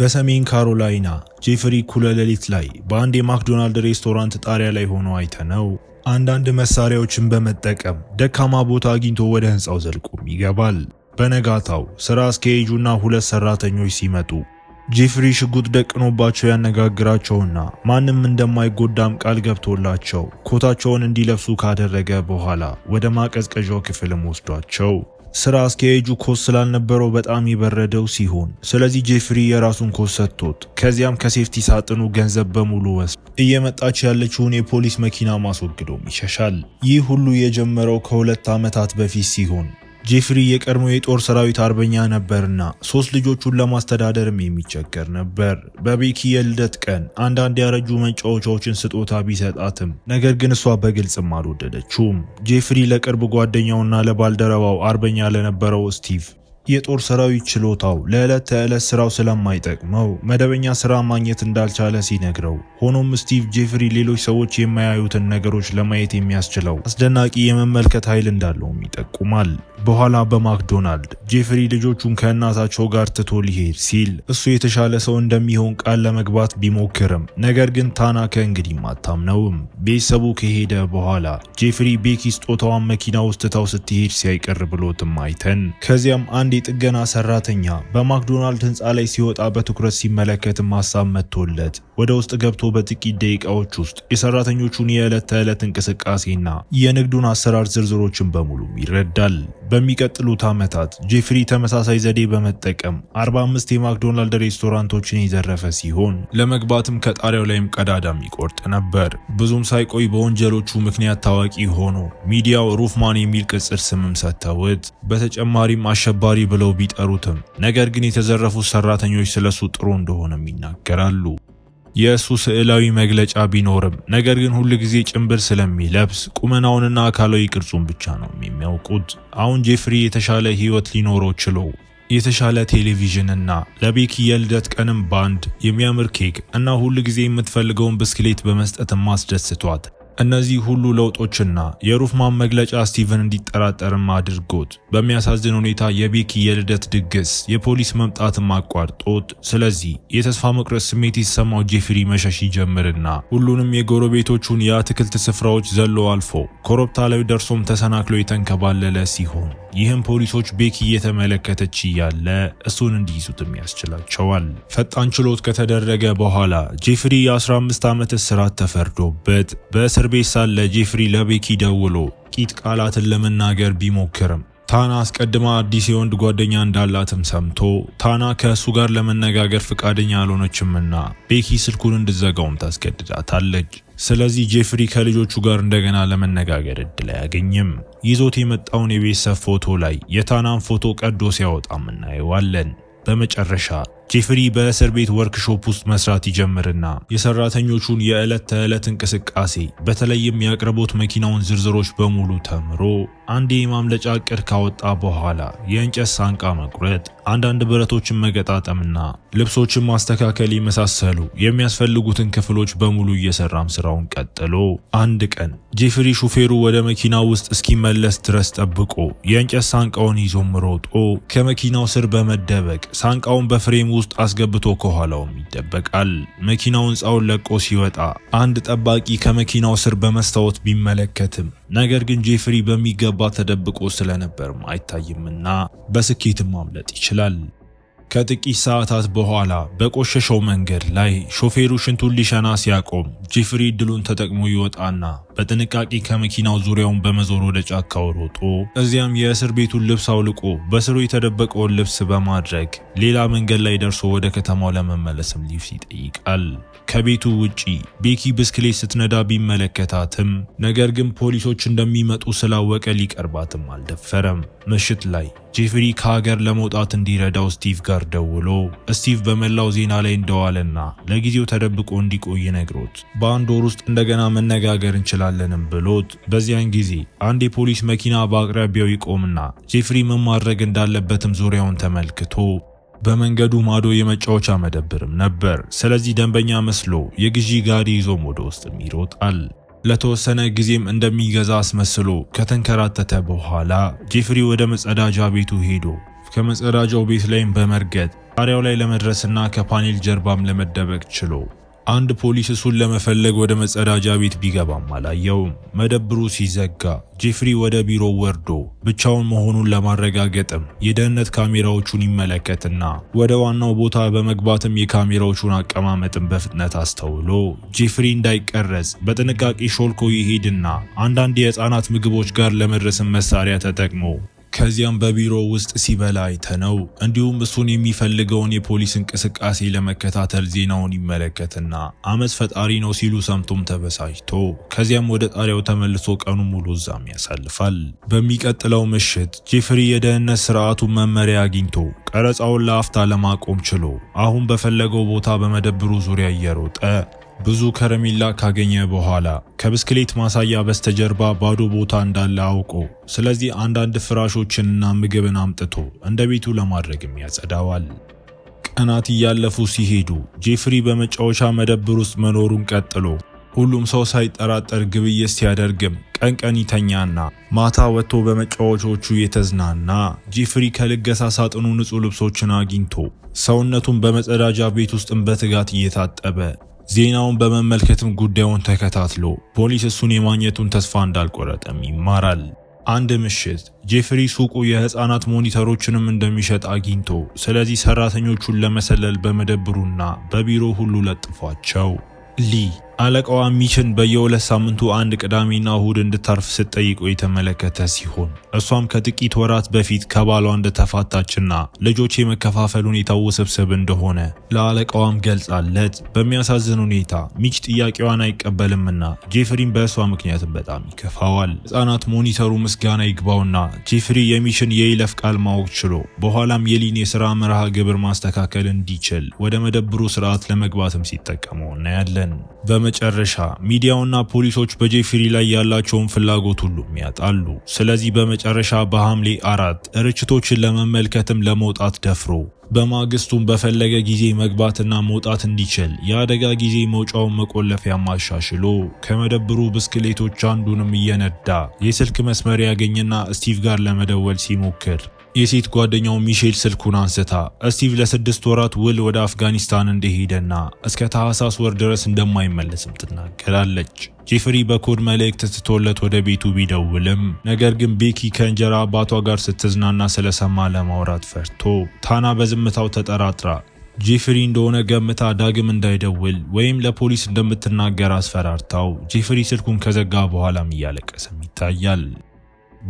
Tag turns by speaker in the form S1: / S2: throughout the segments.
S1: በሰሜን ካሮላይና ጄፍሪ ኩለሌሊት ላይ በአንድ የማክዶናልድ ሬስቶራንት ጣሪያ ላይ ሆኖ አይተነው አንዳንድ መሳሪያዎችን በመጠቀም ደካማ ቦታ አግኝቶ ወደ ህንፃው ዘልቆም ይገባል። በነጋታው ስራ አስኪያጁና ሁለት ሰራተኞች ሲመጡ ጄፍሪ ሽጉጥ ደቅኖባቸው ያነጋግራቸውና ማንም እንደማይጎዳም ቃል ገብቶላቸው ኮታቸውን እንዲለብሱ ካደረገ በኋላ ወደ ማቀዝቀዣው ክፍልም ወስዷቸው ስራ አስኪያጁ ኮስ ስላልነበረው በጣም የበረደው ሲሆን፣ ስለዚህ ጄፍሪ የራሱን ኮስ ሰጥቶት ከዚያም ከሴፍቲ ሳጥኑ ገንዘብ በሙሉ ወስዶ እየመጣች ያለችውን የፖሊስ መኪና ማስወግዶም ይሸሻል። ይህ ሁሉ የጀመረው ከሁለት ዓመታት በፊት ሲሆን ጄፍሪ የቀድሞ የጦር ሰራዊት አርበኛ ነበርና ሶስት ልጆቹን ለማስተዳደርም የሚቸገር ነበር። በቤኪ የልደት ቀን አንዳንድ ያረጁ መጫወቻዎችን ስጦታ ቢሰጣትም ነገር ግን እሷ በግልጽም አልወደደችውም። ጄፍሪ ለቅርብ ጓደኛውና ለባልደረባው አርበኛ ለነበረው ስቲቭ የጦር ሰራዊት ችሎታው ለዕለት ተዕለት ስራው ስለማይጠቅመው መደበኛ ስራ ማግኘት እንዳልቻለ ሲነግረው፣ ሆኖም ስቲቭ ጄፍሪ ሌሎች ሰዎች የማያዩትን ነገሮች ለማየት የሚያስችለው አስደናቂ የመመልከት ኃይል እንዳለውም ይጠቁማል። በኋላ በማክዶናልድ ጄፍሪ ልጆቹን ከእናታቸው ጋር ትቶ ሊሄድ ሲል እሱ የተሻለ ሰው እንደሚሆን ቃል ለመግባት ቢሞክርም ነገር ግን ታና ከእንግዲህም አታምነውም። ቤተሰቡ ከሄደ በኋላ ጄፍሪ ቤኪ ስጦታዋን መኪና ውስጥ ትታው ስትሄድ ሲያይቀር ብሎትም አይተን፣ ከዚያም አንድ የጥገና ሰራተኛ በማክዶናልድ ህንፃ ላይ ሲወጣ በትኩረት ሲመለከትም ሀሳብ መጥቶለት ወደ ውስጥ ገብቶ በጥቂት ደቂቃዎች ውስጥ የሰራተኞቹን የዕለት ተዕለት እንቅስቃሴና የንግዱን አሰራር ዝርዝሮችን በሙሉ ይረዳል። በሚቀጥሉት ዓመታት ጄፍሪ ተመሳሳይ ዘዴ በመጠቀም 45 የማክዶናልድ ሬስቶራንቶችን የዘረፈ ሲሆን ለመግባትም ከጣሪያው ላይም ቀዳዳም ይቆርጥ ነበር። ብዙም ሳይቆይ በወንጀሎቹ ምክንያት ታዋቂ ሆኖ ሚዲያው ሩፍማን የሚል ቅጽል ስምም ሰጥተውት በተጨማሪም አሸባሪ ብለው ቢጠሩትም ነገር ግን የተዘረፉት ሰራተኞች ስለሱ ጥሩ እንደሆነም ይናገራሉ። የእሱ ስዕላዊ መግለጫ ቢኖርም ነገር ግን ሁል ጊዜ ጭንብር ስለሚለብስ ቁመናውንና አካላዊ ቅርጹን ብቻ ነው የሚያውቁት። አሁን ጄፍሪ የተሻለ ህይወት ሊኖረው ችሎ የተሻለ ቴሌቪዥንና ለቤኪ የልደት ቀንም ባንድ፣ የሚያምር ኬክ እና ሁል ጊዜ የምትፈልገውን ብስክሌት በመስጠትም አስደስቷት እነዚህ ሁሉ ለውጦችና የሩፍማን መግለጫ ስቲቨን እንዲጠራጠርም አድርጎት በሚያሳዝን ሁኔታ የቤኪ የልደት ድግስ የፖሊስ መምጣትም አቋርጦት፣ ስለዚህ የተስፋ መቁረጥ ስሜት የተሰማው ጄፍሪ መሸሽ ይጀምርና ሁሉንም የጎረቤቶቹን የአትክልት ስፍራዎች ዘሎ አልፎ ኮረብታ ላይ ደርሶም ተሰናክሎ የተንከባለለ ሲሆን ይህም ፖሊሶች ቤኪ እየተመለከተች እያለ እሱን እንዲይዙትም ያስችላቸዋል። ፈጣን ችሎት ከተደረገ በኋላ ጄፍሪ የ15 ዓመት እስራት ተፈርዶበት በእስር እስር ቤት ሳለ ጄፍሪ ለቤኪ ደውሎ ቂጥ ቃላትን ለመናገር ቢሞክርም ታና አስቀድማ አዲስ የወንድ ጓደኛ እንዳላትም ሰምቶ ታና ከእሱ ጋር ለመነጋገር ፍቃደኛ አልሆነችምና ቤኪ ስልኩን እንድዘጋውም ታስገድዳታለች። ስለዚህ ጄፍሪ ከልጆቹ ጋር እንደገና ለመነጋገር እድል አያገኝም። ይዞት የመጣውን የቤተሰብ ፎቶ ላይ የታናን ፎቶ ቀዶ ሲያወጣም እናየዋለን። በመጨረሻ ጄፍሪ በእስር ቤት ወርክሾፕ ውስጥ መስራት ይጀምርና የሰራተኞቹን የዕለት ተዕለት እንቅስቃሴ በተለይም የአቅርቦት መኪናውን ዝርዝሮች በሙሉ ተምሮ አንድ የማምለጫ ቅድ ካወጣ በኋላ የእንጨት ሳንቃ መቁረጥ፣ አንዳንድ ብረቶችን መገጣጠምና ልብሶችን ማስተካከል የመሳሰሉ የሚያስፈልጉትን ክፍሎች በሙሉ እየሰራም ስራውን ቀጥሎ አንድ ቀን ጄፍሪ ሹፌሩ ወደ መኪና ውስጥ እስኪመለስ ድረስ ጠብቆ የእንጨት ሳንቃውን ይዞ ምሮጦ ከመኪናው ስር በመደበቅ ሳንቃውን በፍሬም ውስጥ አስገብቶ ከኋላውም ይደበቃል። መኪናው ህንፃውን ለቆ ሲወጣ አንድ ጠባቂ ከመኪናው ስር በመስታወት ቢመለከትም ነገር ግን ጄፍሪ በሚገባ ተደብቆ ስለነበርም አይታይምና በስኬትም ማምለጥ ይችላል። ከጥቂት ሰዓታት በኋላ በቆሸሸው መንገድ ላይ ሾፌሩ ሽንቱን ሊሸና ሲያቆም ጅፍሪ ድሉን ተጠቅሞ ይወጣና በጥንቃቄ ከመኪናው ዙሪያውን በመዞር ወደ ጫካው ሮጦ እዚያም የእስር ቤቱን ልብስ አውልቆ በስሩ የተደበቀውን ልብስ በማድረግ ሌላ መንገድ ላይ ደርሶ ወደ ከተማው ለመመለስም ሊፍት ይጠይቃል። ከቤቱ ውጪ ቤኪ ብስክሌት ስትነዳ ቢመለከታትም ነገር ግን ፖሊሶች እንደሚመጡ ስላወቀ ሊቀርባትም አልደፈረም። ምሽት ላይ ጄፍሪ ከሀገር ለመውጣት እንዲረዳው ስቲቭ ጋር ደውሎ ስቲቭ በመላው ዜና ላይ እንደዋለና ለጊዜው ተደብቆ እንዲቆይ ነግሮት በአንድ ወር ውስጥ እንደገና መነጋገር እንችላለንም ብሎት፣ በዚያን ጊዜ አንድ የፖሊስ መኪና በአቅራቢያው ይቆምና ጄፍሪ ምን ማድረግ እንዳለበትም ዙሪያውን ተመልክቶ በመንገዱ ማዶ የመጫወቻ መደብርም ነበር። ስለዚህ ደንበኛ መስሎ የግዢ ጋሪ ይዞም ወደ ውስጥም ይሮጣል። ለተወሰነ ጊዜም እንደሚገዛ አስመስሎ ከተንከራተተ በኋላ ጄፍሪ ወደ መጸዳጃ ቤቱ ሄዶ ከመጸዳጃው ቤት ላይም በመርገጥ ጣሪያው ላይ ለመድረስና ከፓኔል ጀርባም ለመደበቅ ችሎ አንድ ፖሊስ እሱን ለመፈለግ ወደ መጸዳጃ ቤት ቢገባም አላየውም። መደብሩ ሲዘጋ ጄፍሪ ወደ ቢሮ ወርዶ ብቻውን መሆኑን ለማረጋገጥም የደህንነት ካሜራዎቹን ይመለከትና ወደ ዋናው ቦታ በመግባትም የካሜራዎቹን አቀማመጥን በፍጥነት አስተውሎ ጄፍሪ እንዳይቀረጽ በጥንቃቄ ሾልኮ ይሄድና አንዳንድ የህፃናት ምግቦች ጋር ለመድረስን መሳሪያ ተጠቅሞ ከዚያም በቢሮ ውስጥ ሲበላ አይተነው እንዲሁም እሱን የሚፈልገውን የፖሊስ እንቅስቃሴ ለመከታተል ዜናውን ይመለከትና አመፅ ፈጣሪ ነው ሲሉ ሰምቶም ተበሳጭቶ ከዚያም ወደ ጣሪያው ተመልሶ ቀኑ ሙሉ እዛም ያሳልፋል። በሚቀጥለው ምሽት ጄፍሪ የደህንነት ስርዓቱን መመሪያ አግኝቶ ቀረጻውን ለአፍታ ለማቆም ችሎ አሁን በፈለገው ቦታ በመደብሩ ዙሪያ እየሮጠ ብዙ ከረሜላ ካገኘ በኋላ ከብስክሌት ማሳያ በስተጀርባ ባዶ ቦታ እንዳለ አውቆ ስለዚህ አንዳንድ ፍራሾችንና ምግብን አምጥቶ እንደ ቤቱ ለማድረግም ያጸዳዋል። ቀናት እያለፉ ሲሄዱ ጄፍሪ በመጫወቻ መደብር ውስጥ መኖሩን ቀጥሎ ሁሉም ሰው ሳይጠራጠር ግብይት ሲያደርግም ቀን ቀን ይተኛና ማታ ወጥቶ በመጫወቾቹ የተዝናና ጄፍሪ ከልገሳ ሳጥኑ ንጹህ ልብሶችን አግኝቶ ሰውነቱን በመጸዳጃ ቤት ውስጥም በትጋት እየታጠበ ዜናውን በመመልከትም ጉዳዩን ተከታትሎ ፖሊስ እሱን የማግኘቱን ተስፋ እንዳልቆረጠም ይማራል። አንድ ምሽት ጄፍሪ ሱቁ የህፃናት ሞኒተሮችንም እንደሚሸጥ አግኝቶ ስለዚህ ሰራተኞቹን ለመሰለል በመደብሩና በቢሮ ሁሉ ለጥፏቸው ሊ አለቃዋ ሚችን በየሁለት ሳምንቱ አንድ ቅዳሜና እሁድ እንድታርፍ ስትጠይቀው የተመለከተ ሲሆን እሷም ከጥቂት ወራት በፊት ከባሏ እንደተፋታችና ልጆች የመከፋፈል ሁኔታው ውስብስብ እንደሆነ ለአለቃዋም ገልጻለት፣ በሚያሳዝን ሁኔታ ሚች ጥያቄዋን አይቀበልምና ጄፍሪን በእሷ ምክንያትም በጣም ይከፋዋል። ህፃናት ሞኒተሩ ምስጋና ይግባውና ጄፍሪ የሚችን የይለፍ ቃል ማወቅ ችሎ በኋላም የሊን የስራ መርሃ ግብር ማስተካከል እንዲችል ወደ መደብሩ ስርዓት ለመግባትም ሲጠቀመው እናያለን። በመጨረሻ ሚዲያውና ፖሊሶች በጄፍሪ ላይ ያላቸውን ፍላጎት ሁሉም ያጣሉ። ስለዚህ በመጨረሻ በሐምሌ አራት ርችቶችን ለመመልከትም ለመውጣት ደፍሮ በማግስቱም በፈለገ ጊዜ መግባትና መውጣት እንዲችል የአደጋ ጊዜ መውጫውን መቆለፊያ ማሻሽሎ ከመደብሩ ብስክሌቶች አንዱንም እየነዳ የስልክ መስመር ያገኝና ስቲቭ ጋር ለመደወል ሲሞክር የሴት ጓደኛው ሚሼል ስልኩን አንስታ ስቲቭ ለስድስት ወራት ውል ወደ አፍጋኒስታን እንደሄደና እስከ ታህሳስ ወር ድረስ እንደማይመለስም ትናገራለች። ጄፍሪ በኮድ መልእክት ትቶለት ወደ ቤቱ ቢደውልም ነገር ግን ቤኪ ከእንጀራ አባቷ ጋር ስትዝናና ስለሰማ ለማውራት ፈርቶ ታና በዝምታው ተጠራጥራ ጄፍሪ እንደሆነ ገምታ ዳግም እንዳይደውል ወይም ለፖሊስ እንደምትናገር አስፈራርታው ጄፍሪ ስልኩን ከዘጋ በኋላም እያለቀሰም ይታያል።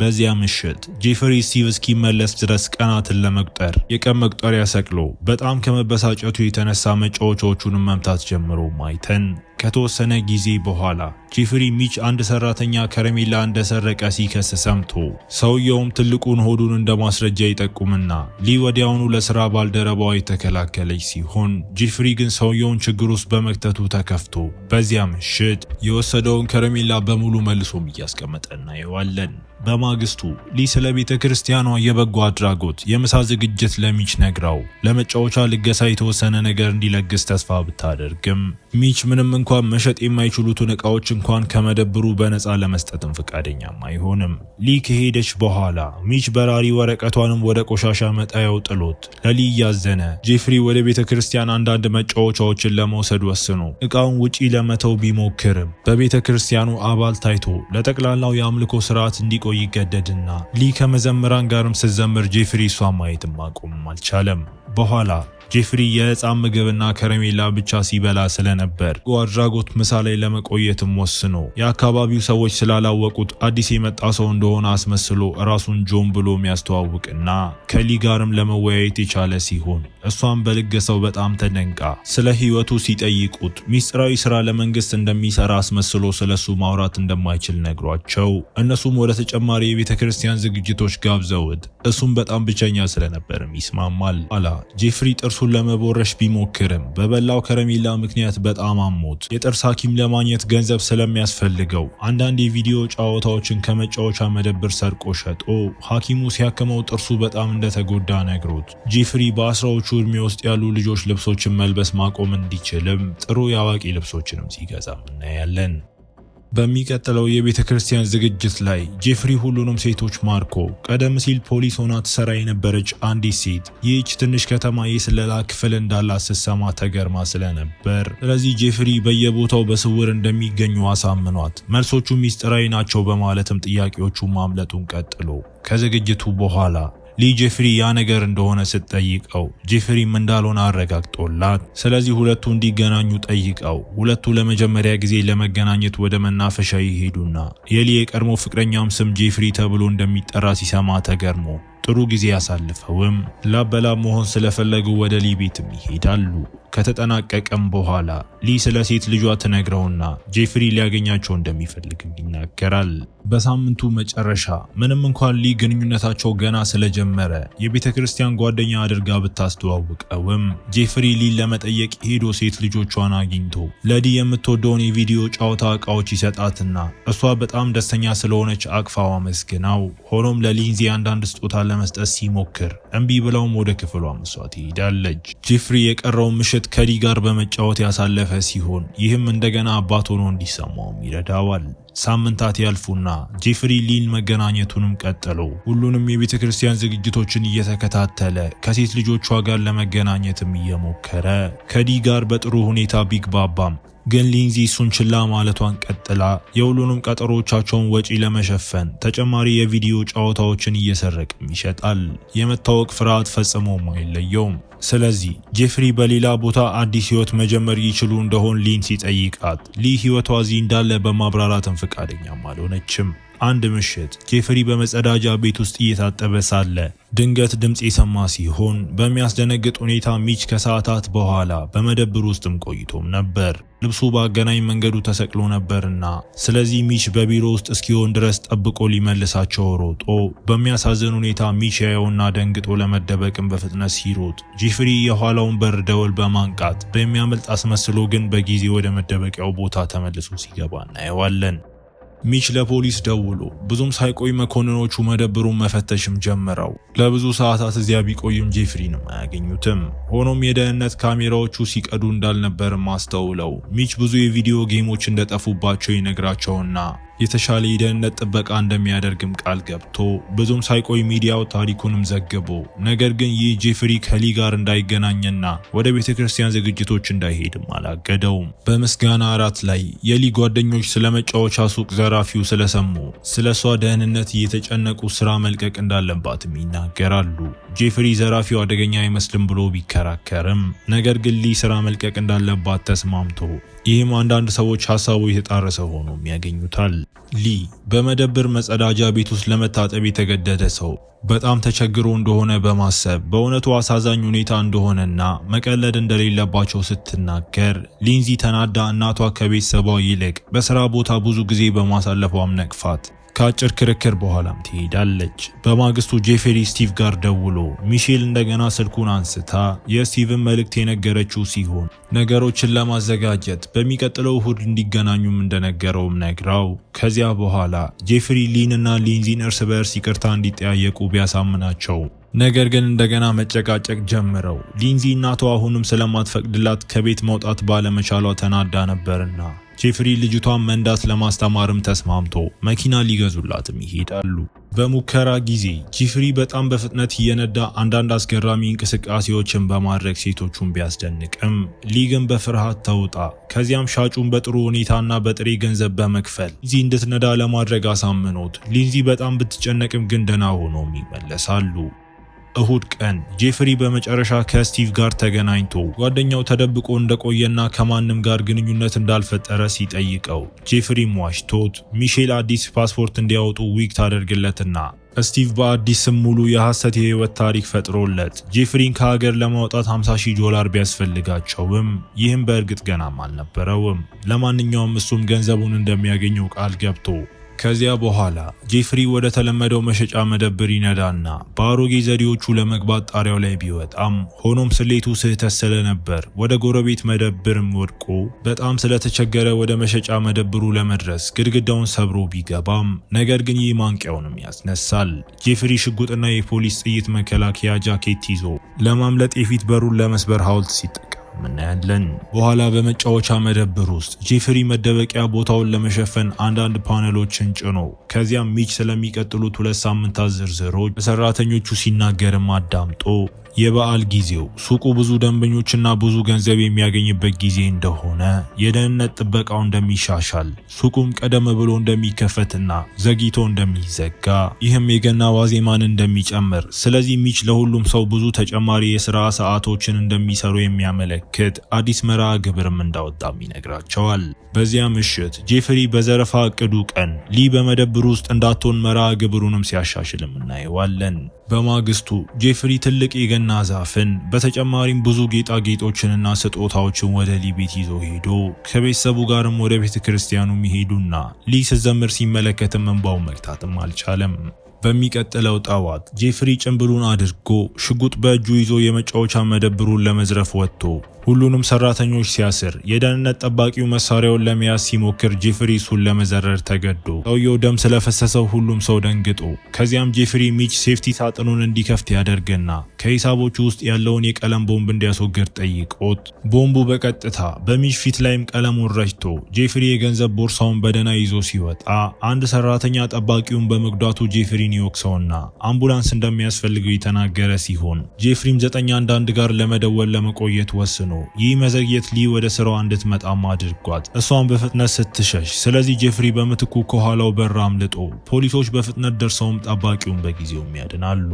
S1: በዚያ ምሽት ጄፈሪ ስቲቭ እስኪመለስ ድረስ ቀናትን ለመቁጠር የቀን መቁጠሪያ ሰቅሎ በጣም ከመበሳጨቱ የተነሳ መጫወቻዎቹንም መምታት ጀምሮ ማይተን ከተወሰነ ጊዜ በኋላ ጄፍሪ ሚች አንድ ሰራተኛ ከረሜላ እንደሰረቀ ሲከስ ሰምቶ ሰውየውም ትልቁን ሆዱን እንደ ማስረጃ ይጠቁምና ሊ ወዲያውኑ ለስራ ባልደረባዋ የተከላከለች ሲሆን ጄፍሪ ግን ሰውየውን ችግር ውስጥ በመክተቱ ተከፍቶ በዚያ ምሽት የወሰደውን ከረሜላ በሙሉ መልሶም እያስቀመጠ እናየዋለን። በማግስቱ ሊ ስለ ቤተ ክርስቲያኗ የበጎ አድራጎት የምሳ ዝግጅት ለሚች ነግራው ለመጫወቻ ልገሳ የተወሰነ ነገር እንዲለግስ ተስፋ ብታደርግም ሚች ምንም እንኳን መሸጥ የማይችሉትን እቃዎች እንኳን ከመደብሩ በነፃ ለመስጠትም ፍቃደኛም አይሆንም። ሊ ከሄደች በኋላ ሚች በራሪ ወረቀቷንም ወደ ቆሻሻ መጣያው ጥሎት ለሊ እያዘነ ጄፍሪ ወደ ቤተ ክርስቲያን አንዳንድ መጫወቻዎችን ለመውሰድ ወስኖ እቃውን ውጪ ለመተው ቢሞክርም በቤተ ክርስቲያኑ አባል ታይቶ ለጠቅላላው የአምልኮ ስርዓት እንዲቆይ ይገደድና ሊ ከመዘምራን ጋርም ስዘምር ጄፍሪ እሷ ማየትም ማቆምም አልቻለም። በኋላ ጄፍሪ የህፃን ምግብና ከረሜላ ብቻ ሲበላ ስለነበር በጎ አድራጎት ምሳ ላይ ለመቆየትም ወስኖ የአካባቢው ሰዎች ስላላወቁት አዲስ የመጣ ሰው እንደሆነ አስመስሎ ራሱን ጆን ብሎ የሚያስተዋውቅና ከሊ ጋርም ለመወያየት የቻለ ሲሆን እሷም በልገሰው በጣም ተደንቃ ስለ ሕይወቱ ሲጠይቁት ሚስጥራዊ ስራ ለመንግስት እንደሚሰራ አስመስሎ ስለሱ ማውራት እንደማይችል ነግሯቸው እነሱም ወደ ተጨማሪ የቤተ ክርስቲያን ዝግጅቶች ጋብዘውት እሱም በጣም ብቸኛ ስለነበርም ይስማማል። አላ ጄፍሪ ጥርሱን ለመቦረሽ ቢሞክርም በበላው ከረሜላ ምክንያት በጣም አሞት የጥርስ ሐኪም ለማግኘት ገንዘብ ስለሚያስፈልገው አንዳንድ የቪዲዮ ጨዋታዎችን ከመጫወቻ መደብር ሰርቆ ሸጦ ሐኪሙ ሲያክመው ጥርሱ በጣም እንደተጎዳ ነግሮት ጄፍሪ በአስራዎቹ እድሜ ውስጥ ያሉ ልጆች ልብሶችን መልበስ ማቆም እንዲችልም ጥሩ የአዋቂ ልብሶችንም ሲገዛ እናያለን። በሚቀጥለው የቤተ ክርስቲያን ዝግጅት ላይ ጄፍሪ ሁሉንም ሴቶች ማርኮ ቀደም ሲል ፖሊስ ሆና ትሰራ የነበረች አንዲት ሴት ይህች ትንሽ ከተማ የስለላ ክፍል እንዳላት ስትሰማ ተገርማ ስለነበር፣ ስለዚህ ጄፍሪ በየቦታው በስውር እንደሚገኙ አሳምኗት መልሶቹ ሚስጥራዊ ናቸው በማለትም ጥያቄዎቹ ማምለጡን ቀጥሎ ከዝግጅቱ በኋላ ሊ ጄፍሪ ያ ነገር እንደሆነ ስትጠይቀው ጄፍሪም እንዳልሆነ አረጋግጦላት፣ ስለዚህ ሁለቱ እንዲገናኙ ጠይቀው ሁለቱ ለመጀመሪያ ጊዜ ለመገናኘት ወደ መናፈሻ ይሄዱና የሊ የቀድሞ ፍቅረኛም ስም ጄፍሪ ተብሎ እንደሚጠራ ሲሰማ ተገርሞ ጥሩ ጊዜ ያሳልፈውም ላብ በላብ መሆን ስለፈለጉ ወደ ሊ ቤትም ይሄዳሉ። ከተጠናቀቀም በኋላ ሊ ስለ ሴት ልጇ ትነግረውና ጄፍሪ ሊያገኛቸው እንደሚፈልግም ይናገራል። በሳምንቱ መጨረሻ ምንም እንኳን ሊ ግንኙነታቸው ገና ስለጀመረ የቤተ ክርስቲያን ጓደኛ አድርጋ ብታስተዋውቀውም ጄፍሪ ሊን ለመጠየቅ ሄዶ ሴት ልጆቿን አግኝቶ ለዲ የምትወደውን የቪዲዮ ጨዋታ እቃዎች ይሰጣትና እሷ በጣም ደስተኛ ስለሆነች አቅፋው አመስግናው ሆኖም ለሊንዚ አንዳንድ ስጦታ ለመስጠት ሲሞክር እምቢ ብለውም ወደ ክፍሏ ምሷ ትሄዳለች። ጄፍሪ የቀረውን ምሽት ከዲ ጋር በመጫወት ያሳለፈ ሲሆን ይህም እንደገና አባት ሆኖ እንዲሰማውም ይረዳዋል። ሳምንታት ያልፉና ጄፍሪ ሊን መገናኘቱንም ቀጠሎ ሁሉንም የቤተ ክርስቲያን ዝግጅቶችን እየተከታተለ ከሴት ልጆቿ ጋር ለመገናኘትም እየሞከረ ከዲ ጋር በጥሩ ሁኔታ ቢግባባም ግን ሊንዚ እሱን ችላ ማለቷን ቀጥላ የሁሉንም ቀጠሮቻቸውን ወጪ ለመሸፈን ተጨማሪ የቪዲዮ ጨዋታዎችን እየሰረቅም ይሸጣል። የመታወቅ ፍርሃት ፈጽሞም አይለየውም። ስለዚህ ጄፍሪ በሌላ ቦታ አዲስ ህይወት መጀመር ይችሉ እንደሆን ሊን ይጠይቃት ሊ ህይወቷ እዚህ እንዳለ በማብራራትም ፍቃደኛም አልሆነችም። አንድ ምሽት ጄፍሪ በመጸዳጃ ቤት ውስጥ እየታጠበ ሳለ ድንገት ድምፅ የሰማ ሲሆን በሚያስደነግጥ ሁኔታ ሚች ከሰዓታት በኋላ በመደብር ውስጥም ቆይቶም ነበር። ልብሱ በአገናኝ መንገዱ ተሰቅሎ ነበርና ስለዚህ ሚች በቢሮ ውስጥ እስኪሆን ድረስ ጠብቆ ሊመልሳቸው ሮጦ በሚያሳዝን ሁኔታ ሚች ያየውና ደንግጦ ለመደበቅም በፍጥነት ሲሮጥ ጂፍሪ የኋላውን በር ደወል በማንቃት በሚያመልጥ አስመስሎ ግን በጊዜ ወደ መደበቂያው ቦታ ተመልሶ ሲገባ እናየዋለን። ሚች ለፖሊስ ደውሎ ብዙም ሳይቆይ መኮንኖቹ መደብሩን መፈተሽም ጀምረው ለብዙ ሰዓታት እዚያ ቢቆይም ጄፍሪንም አያገኙትም። ሆኖም የደህንነት ካሜራዎቹ ሲቀዱ እንዳልነበርም አስተውለው ሚች ብዙ የቪዲዮ ጌሞች እንደጠፉባቸው ይነግራቸውና የተሻለ የደህንነት ጥበቃ እንደሚያደርግም ቃል ገብቶ ብዙም ሳይቆይ ሚዲያው ታሪኩንም ዘግቦ፣ ነገር ግን ይህ ጄፍሪ ከሊ ጋር እንዳይገናኝና ወደ ቤተ ክርስቲያን ዝግጅቶች እንዳይሄድም አላገደውም። በምስጋና አራት ላይ የሊ ጓደኞች ስለ መጫወቻ ሱቅ ዘራፊው ስለሰሙ ስለ እሷ ደህንነት እየተጨነቁ ስራ መልቀቅ እንዳለባትም ይናገራሉ። ጄፍሪ ዘራፊው አደገኛ አይመስልም ብሎ ቢከራከርም፣ ነገር ግን ሊ ስራ መልቀቅ እንዳለባት ተስማምቶ ይህም አንዳንድ ሰዎች ሀሳቡ የተጣረሰ ሆኖም ያገኙታል። ሊ በመደብር መጸዳጃ ቤት ውስጥ ለመታጠብ የተገደደ ሰው በጣም ተቸግሮ እንደሆነ በማሰብ በእውነቱ አሳዛኝ ሁኔታ እንደሆነና መቀለድ እንደሌለባቸው ስትናገር፣ ሊንዚ ተናዳ እናቷ ከቤተሰቧ ይልቅ በስራ ቦታ ብዙ ጊዜ በማሳለፏም ነቅፋት ከአጭር ክርክር በኋላም ትሄዳለች። በማግስቱ ጄፌሪ ስቲቭ ጋር ደውሎ ሚሼል እንደገና ስልኩን አንስታ የስቲቭን መልእክት የነገረችው ሲሆን ነገሮችን ለማዘጋጀት በሚቀጥለው እሁድ እንዲገናኙም እንደነገረውም ነግራው ከዚያ በኋላ ጄፍሪ ሊን እና ሊንዚን እርስ በእርስ ይቅርታ እንዲጠያየቁ ቢያሳምናቸው ነገር ግን እንደገና መጨቃጨቅ ጀምረው ሊንዚ እናቷ አሁንም ስለማትፈቅድላት ከቤት መውጣት ባለመቻሏ ተናዳ ነበርና ጄፍሪ ልጅቷን መንዳት ለማስተማርም ተስማምቶ መኪና ሊገዙላትም ይሄዳሉ። በሙከራ ጊዜ ጄፍሪ በጣም በፍጥነት እየነዳ አንዳንድ አስገራሚ እንቅስቃሴዎችን በማድረግ ሴቶቹን ቢያስደንቅም ሊግን በፍርሃት ተውጣ ከዚያም ሻጩን በጥሩ ሁኔታና በጥሬ ገንዘብ በመክፈል ሊንዚ እንድትነዳ ለማድረግ አሳምኖት ሊንዚ በጣም ብትጨነቅም ግን ደህና ሆኖም ይመለሳሉ። እሁድ ቀን ጄፍሪ በመጨረሻ ከስቲቭ ጋር ተገናኝቶ ጓደኛው ተደብቆ እንደቆየና ከማንም ጋር ግንኙነት እንዳልፈጠረ ሲጠይቀው ጄፍሪም ዋሽቶት ሚሼል አዲስ ፓስፖርት እንዲያወጡ ዊክ ታደርግለትና ስቲቭ በአዲስ ሙሉ የሐሰት የህይወት ታሪክ ፈጥሮለት ጄፍሪን ከሀገር ለማውጣት 50 ሺህ ዶላር ቢያስፈልጋቸውም ይህም በእርግጥ ገናም አልነበረውም። ለማንኛውም እሱም ገንዘቡን እንደሚያገኘው ቃል ገብቶ ከዚያ በኋላ ጄፍሪ ወደ ተለመደው መሸጫ መደብር ይነዳና በአሮጌ ዘዴዎቹ ለመግባት ጣሪያው ላይ ቢወጣም ሆኖም ስሌቱ ስህተት ስለነበር ወደ ጎረቤት መደብርም ወድቆ በጣም ስለተቸገረ ወደ መሸጫ መደብሩ ለመድረስ ግድግዳውን ሰብሮ ቢገባም ነገር ግን ይህ ማንቂያውንም ያስነሳል። ጄፍሪ ሽጉጥና የፖሊስ ጥይት መከላከያ ጃኬት ይዞ ለማምለጥ የፊት በሩን ለመስበር ሐውልት ሲጠቀም እናያለን። በኋላ በመጫወቻ መደብር ውስጥ ጄፍሪ መደበቂያ ቦታውን ለመሸፈን አንዳንድ ፓነሎችን ጭኖ ከዚያም ሚች ስለሚቀጥሉት ሁለት ሳምንታት ዝርዝሮች በሰራተኞቹ ሲናገርም አዳምጦ የበዓል ጊዜው ሱቁ ብዙ ደንበኞችና ብዙ ገንዘብ የሚያገኝበት ጊዜ እንደሆነ፣ የደህንነት ጥበቃው እንደሚሻሻል፣ ሱቁም ቀደም ብሎ እንደሚከፈትና ዘግይቶ እንደሚዘጋ፣ ይህም የገና ዋዜማን እንደሚጨምር፣ ስለዚህ ሚች ለሁሉም ሰው ብዙ ተጨማሪ የስራ ሰዓቶችን እንደሚሰሩ የሚያመለክት አዲስ መርሃ ግብርም እንዳወጣም ይነግራቸዋል። በዚያ ምሽት ጄፍሪ በዘረፋ እቅዱ ቀን ሊ በመደብር ውስጥ እንዳትሆን መርሃ ግብሩንም ሲያሻሽልም እናየዋለን። በማግስቱ ጄፍሪ ትልቅ የገ እና ዛፍን በተጨማሪም ብዙ ጌጣጌጦችንና ስጦታዎችን ወደ ሊ ቤት ይዞ ሄዶ ከቤተሰቡ ጋርም ወደ ቤተ ክርስቲያኑ ሚሄዱና ሊ ስትዘምር ሲመለከትም እንባው መግታትም አልቻለም። በሚቀጥለው ጠዋት ጄፍሪ ጭንብሉን አድርጎ ሽጉጥ በእጁ ይዞ የመጫወቻ መደብሩን ለመዝረፍ ወጥቶ ሁሉንም ሰራተኞች ሲያስር የደህንነት ጠባቂው መሳሪያውን ለመያዝ ሲሞክር ጄፍሪ እሱን ለመዘረር ተገዶ ሰውየው ደም ስለፈሰሰው ሁሉም ሰው ደንግጦ ከዚያም ጄፍሪ ሚች ሴፍቲ ሳጥኑን እንዲከፍት ያደርግና ከሂሳቦቹ ውስጥ ያለውን የቀለም ቦምብ እንዲያስወግድ ጠይቆት ቦምቡ በቀጥታ በሚች ፊት ላይም ቀለሙን ረጭቶ ጄፍሪ የገንዘብ ቦርሳውን በደና ይዞ ሲወጣ አንድ ሰራተኛ ጠባቂውን በመጉዳቱ ጄፍሪን ይወቅሰውና አምቡላንስ እንደሚያስፈልገው የተናገረ ሲሆን ጄፍሪም ዘጠኝ አንዳንድ ጋር ለመደወል ለመቆየት ወስኖ ነው። ይህ መዘግየት ሊ ወደ ስራዋ እንድትመጣም አድርጓት፣ እሷን በፍጥነት ስትሸሽ። ስለዚህ ጄፍሪ በምትኩ ከኋላው በር አምልጦ ፖሊሶች በፍጥነት ደርሰውም ጠባቂውን በጊዜውም ያድናሉ።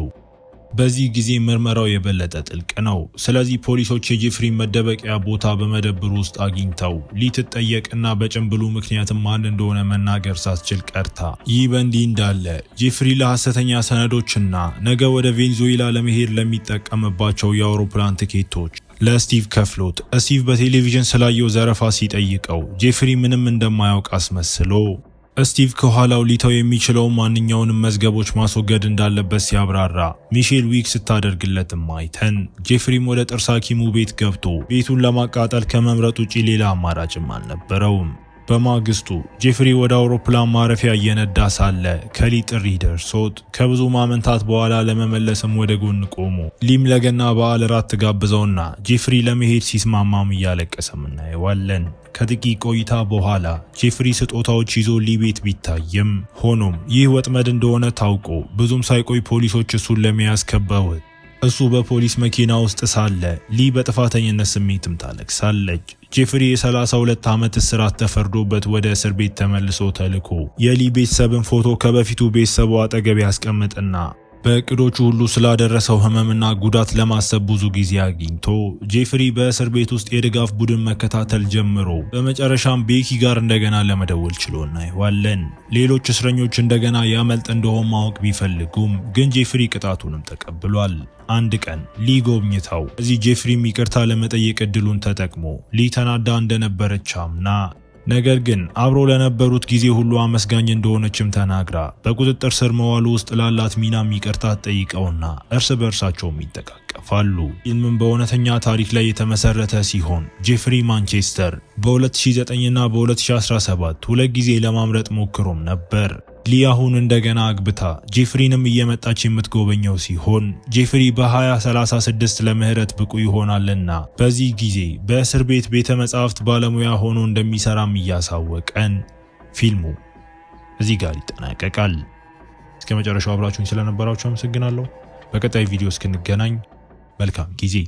S1: በዚህ ጊዜ ምርመራው የበለጠ ጥልቅ ነው። ስለዚህ ፖሊሶች የጄፍሪን መደበቂያ ቦታ በመደብሩ ውስጥ አግኝተው ሊትጠየቅና በጭንብሉ ምክንያትም ማን እንደሆነ መናገር ሳትችል ቀርታ። ይህ በእንዲህ እንዳለ ጄፍሪ ለሐሰተኛ ሰነዶችና ነገ ወደ ቬንዙዌላ ለመሄድ ለሚጠቀምባቸው የአውሮፕላን ትኬቶች ለስቲቭ ከፍሎት ስቲቭ በቴሌቪዥን ስላየው ዘረፋ ሲጠይቀው ጄፍሪ ምንም እንደማያውቅ አስመስሎ ስቲቭ ከኋላው ሊተው የሚችለው ማንኛውንም መዝገቦች ማስወገድ እንዳለበት ሲያብራራ ሚሼል ዊክ ስታደርግለትም አይተን፣ ጄፍሪም ወደ ጥርስ ሐኪሙ ቤት ገብቶ ቤቱን ለማቃጠል ከመምረጥ ውጪ ሌላ አማራጭም አልነበረውም። በማግስቱ ጄፍሪ ወደ አውሮፕላን ማረፊያ እየነዳ ሳለ ከሊ ጥሪ ደርሶት ከብዙ ማመንታት በኋላ ለመመለስም ወደ ጎን ቆሞ ሊም ለገና በዓል እራት ጋብዘውና ጄፍሪ ለመሄድ ሲስማማም እያለቀሰም እናየዋለን። ከጥቂት ቆይታ በኋላ ጄፍሪ ስጦታዎች ይዞ ሊ ቤት ቢታይም ሆኖም ይህ ወጥመድ እንደሆነ ታውቆ ብዙም ሳይቆይ ፖሊሶች እሱን ለመያዝ ከበውት እሱ በፖሊስ መኪና ውስጥ ሳለ ሊ በጥፋተኝነት ስሜትም ታለቅሳለች። ጄፍሪ የ32 ዓመት እስራት ተፈርዶበት ወደ እስር ቤት ተመልሶ ተልኮ የሊ ቤተሰብን ፎቶ ከበፊቱ ቤተሰቡ አጠገብ ያስቀምጥና በእቅዶቹ ሁሉ ስላደረሰው ህመምና ጉዳት ለማሰብ ብዙ ጊዜ አግኝቶ ጄፍሪ በእስር ቤት ውስጥ የድጋፍ ቡድን መከታተል ጀምሮ በመጨረሻም ቤኪ ጋር እንደገና ለመደወል ችሎ እናየዋለን። ሌሎች እስረኞች እንደገና ያመልጥ እንደሆን ማወቅ ቢፈልጉም ግን ጄፍሪ ቅጣቱንም ተቀብሏል። አንድ ቀን ሊ እዚህ ጄፍሪ ይቅርታ ለመጠየቅ እድሉን ተጠቅሞ ሊተናዳ ተናዳ እንደነበረች አምና ነገር ግን አብሮ ለነበሩት ጊዜ ሁሉ አመስጋኝ እንደሆነችም ተናግራ በቁጥጥር ስር መዋሉ ውስጥ ላላት ሚና ይቅርታ ጠይቀውና እርስ በእርሳቸውም ይጠቃቀፋሉ። ፊልምም በእውነተኛ ታሪክ ላይ የተመሰረተ ሲሆን ጄፍሪ ማንቸስተር በ2009ና በ2017 ሁለት ጊዜ ለማምረጥ ሞክሮም ነበር። ሊያሁን አሁን እንደገና አግብታ ጄፍሪንም እየመጣች የምትጎበኘው ሲሆን ጄፍሪ በ2036 ለምህረት ብቁ ይሆናልና በዚህ ጊዜ በእስር ቤት ቤተ መጻሕፍት ባለሙያ ሆኖ እንደሚሰራም እያሳወቀን ፊልሙ እዚህ ጋር ይጠናቀቃል። እስከ መጨረሻው አብራችሁኝ ስለነበራችሁ አመሰግናለሁ። በቀጣይ ቪዲዮ እስክንገናኝ መልካም ጊዜ